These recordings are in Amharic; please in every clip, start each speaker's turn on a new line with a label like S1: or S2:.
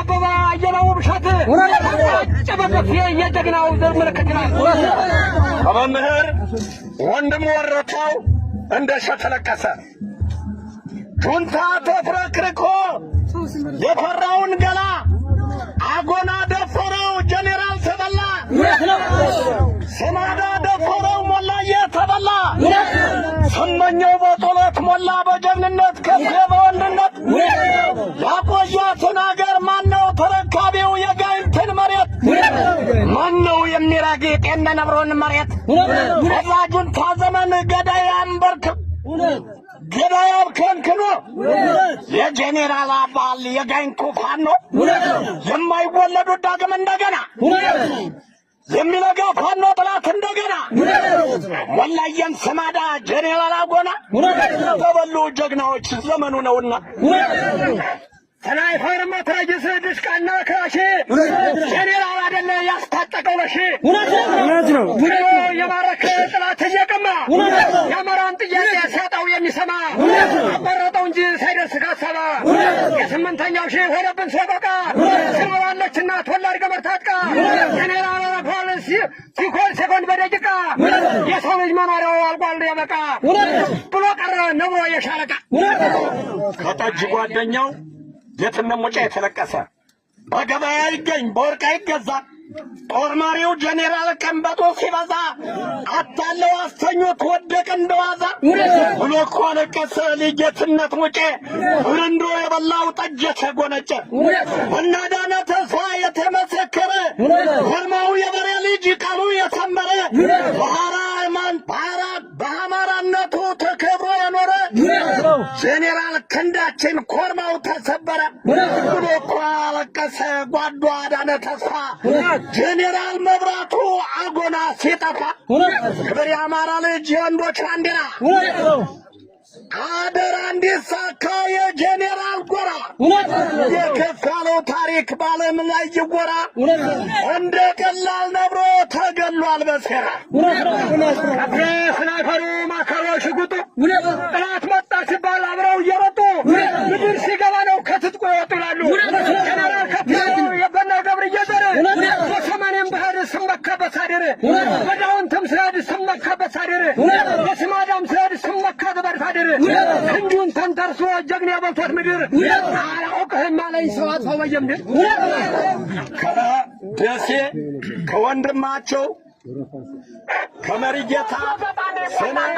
S1: አበባ አየለው እምሸት ጨበበፊ የጀግናው ዘር ምልክት ከመምህር ወንድሙ ወረታው እንደ እሸት ለቀሰ ጁንታ ተፍረክርኮ የፈራውን ገላ አጎና ደፈረው ጄኔራል ተበላ ሰናዳ ደፈረው ሞላዬ ተበላ ሰመኘው በጦለት ሞላ በጀግንነት ከፍ በወንድነት ያቆያትን አገር ማነው ተረካቢው? የጋይንትን መሬት ማነው የሚረግጥ? ነብሮን መሬት አዛጁን ታዘመን ገዳይ አንበርክ ገዳይ አብከንክኖ የጄኔራል አባል የጋይንቱ ፋኖ የማይወለዱ ዳግም እንደገና የሚነጋው ፋኖ ጥላት እንደገና ወላየን ሰማዳ ጀኔራል አጎና ተበሉ ጀግናዎች ዘመኑ ነውና ተናይፈር መትረጊስ ድሽቃና ክላሽ ጀኔራል አደለ ያስታጠቀው በሺ እውነት ነው። ጉሮ ጥላት እየቀማ የአማራን ጥያቄ ሲያጣው የሚሰማ አበረጠ የስምንተኛው ሺህ ሆነብን ሰበቃ ስርበባለች እናት ወላድ ገመርታጥቃ ታጥቃ ጄኔራል ፖሊስ ሲኮን ሴኮንድ በደቂቃ የሰው ልጅ መኖሪያው አልቋል የበቃ ብሎ ቀረ ነብሮ የሻለቃ ከጠጅ ጓደኛው የትነሙጫ የተለቀሰ በገበያ ይገኝ በወርቅ ይገዛል ጦር መሪው ጄኔራል ቀንበጦ ሲበዛ አታለው አስተኞት ወደቅ እንደዋዛ ብሎ እኮ አለቀሰ ልጅትነት ሙጬ ብርንዶ የበላው ጠጀ ተጎነጨ እና ዳነ ተስፋ የተመሰከረ ጄኔራል ክንዳችን ኮርማው ተሰበረ ብሎ እኮ አለቀሰ ጓዱ አዳነ ተስፋ ጄኔራል መብራቱ አጎና ሲጠፋ ክብር የአማራ ልጅ የወንዶች ባንዲራ አደራ እንዲሳካ የጄኔራል ጎራ የከፋለው ታሪክ በዓለም ላይ ይጎራ። እንደ ቀላል ነብሮ ተገሏል በሴራ ከስናይፐሩ ማከሮ ሽጉጡ በዳውን ስራድ ስመካ በሳደረ በስማዳም ስራድ ስመካ በበርሳድር እንዲሁም ተንተርሶ ጀግን ያበልቷት ምድር አላውቅህም አለኝ ሰው አጥፋው በየምድር ከደሴ ከወንድማቸው ከመሪ ጌታ ሰናይ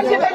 S1: Thank you.